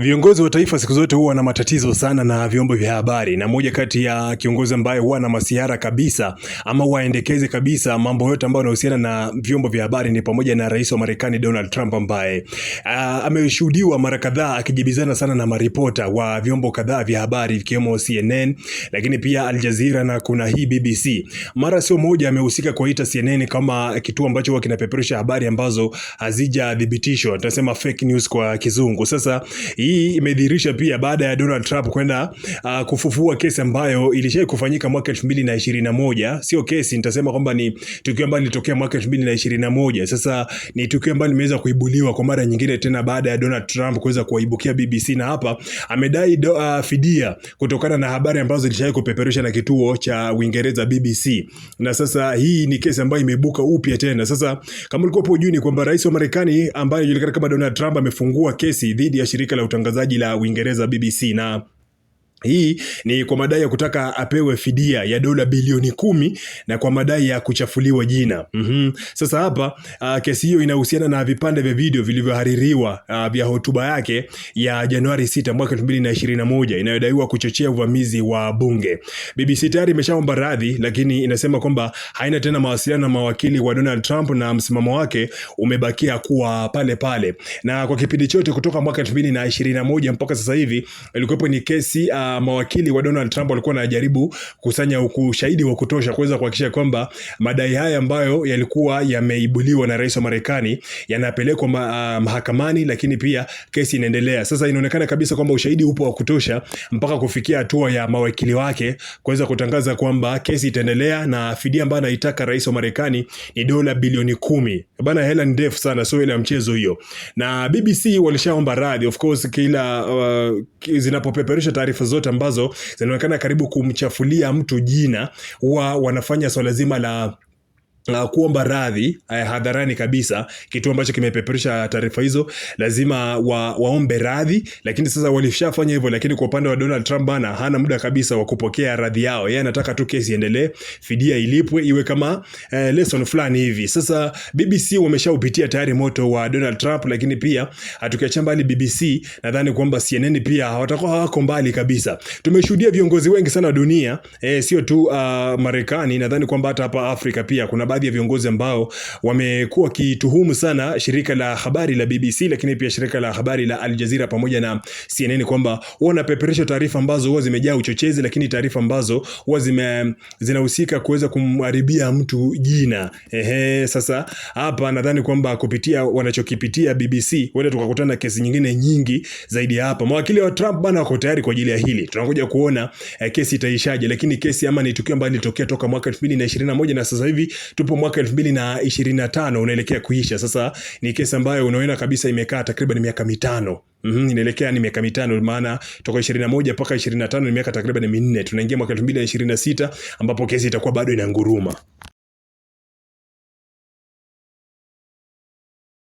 Viongozi wa taifa siku zote huwa wana matatizo sana na vyombo vya habari, na moja kati ya kiongozi ambaye huwa na masihara kabisa ama waendekeze kabisa mambo yote ambayo yanahusiana na vyombo vya habari ni pamoja na rais wa Marekani Donald Trump ambaye ah, ameshuhudiwa mara kadhaa akijibizana sana na maripota wa vyombo kadhaa vya habari ikiwemo CNN, lakini pia Al Jazeera na kuna hii BBC. Mara sio moja amehusika kuita CNN kama kituo ambacho huwa kinapeperusha habari ambazo hazijathibitishwa, tunasema fake news kwa kizungu. Sasa hii hii imedhihirisha pia baada ya Donald Trump kwenda uh, kufufua kesi ambayo ilishai kufanyika mwaka 2021. Sio kesi, nitasema kwamba ni tukio ambalo lilitokea mwaka 2021. Sasa ni tukio ambalo limeweza kuibuliwa kwa mara nyingine tena baada ya Donald Trump kuweza kuibukia BBC, na hapa amedai do, uh, fidia kutokana na habari ambazo ilishai kupeperusha na kituo cha Uingereza BBC. Na sasa hii ni kesi ambayo imebuka upya tena. Sasa kama ulikuwa hujui ni kwamba rais wa Marekani ambaye anajulikana kama Donald Trump amefungua kesi dhidi ya shirika la utangazaji utangazaji la Uingereza BBC, na hii ni kwa madai ya kutaka apewe fidia ya dola bilioni kumi na kwa madai ya kuchafuliwa jina. Mm -hmm. Sasa hapa uh, kesi hiyo inahusiana na vipande vya video vilivyohaririwa uh, vya hotuba yake ya Januari 6 mwaka 2021 inayodaiwa kuchochea uvamizi wa bunge. BBC tayari imeshaomba radhi, lakini inasema kwamba haina tena mawasiliano na mawakili wa Donald Trump na msimamo wake umebakia kuwa pale pale. Na kwa kipindi chote kutoka mwaka 2021 mpaka sasa hivi ilikuwa ni kesi uh, mawakili wa Donald Trump walikuwa wanajaribu kusanya ushahidi wa kutosha kuweza kuhakikisha kwamba madai haya ambayo yalikuwa yameibuliwa na rais wa Marekani yanapelekwa ma, ah, mahakamani, lakini pia kesi inaendelea. Sasa inaonekana kabisa kwamba ushahidi upo wa kutosha mpaka kufikia hatua ya mawakili wake kuweza kutangaza kwamba kesi itaendelea na fidia ambayo anaitaka rais wa Marekani ni dola bilioni kumi. Bana, hela ni ndefu sana, sio ile ya mchezo hiyo. Na BBC walishaomba radhi, of course kila uh, zinapopeperusha taarifa zote zote ambazo zinaonekana karibu kumchafulia mtu jina, huwa wanafanya swala zima la Uh, kuomba radhi uh, hadharani kabisa, kitu ambacho kimepeperusha taarifa hizo. Lazima wa, waombe radhi, lakini sasa walishafanya hivyo, lakini kwa upande wa Donald Trump bana, hana muda kabisa wa kupokea radhi yao. Yeye anataka tu kesi iendelee, fidia ilipwe, iwe kama uh, lesson fulani hivi. Sasa BBC wameshaupitia tayari moto wa Donald Trump, lakini pia hatukiacha mbali BBC, nadhani kwamba CNN pia hawatakuwa hawako mbali kabisa. Tumeshuhudia viongozi wengi sana dunia, eh, sio tu uh, Marekani, nadhani kwamba hata hapa Afrika pia kuna baadhi ya viongozi ambao wamekuwa wakituhumu sana shirika la habari la BBC, lakini pia shirika la habari la Al Jazeera pamoja na CNN kwamba wanapeperesha taarifa ambazo huwa zimejaa uchochezi, lakini taarifa ambazo huwa zinahusika kuweza kumharibia mtu jina. Ehe, sasa hapa nadhani kwamba kupitia wanachokipitia BBC wende tukakutana kesi nyingine nyingi zaidi ya hapa. Mawakili wa Trump bana wako tayari kwa ajili ya hili, tunangoja kuona eh, kesi itaishaje, lakini kesi ama ni tukio ambalo lilitokea toka mwaka 2021 na sasa hivi tupo mwaka 2025 unaelekea kuisha. Sasa ni kesi ambayo unaona kabisa imekaa takriban miaka mitano. Mm -hmm, inaelekea ni miaka mitano maana toka 21 mpaka 25 ni miaka takriban minne. Tunaingia mwaka 2026 ambapo kesi itakuwa bado inanguruma.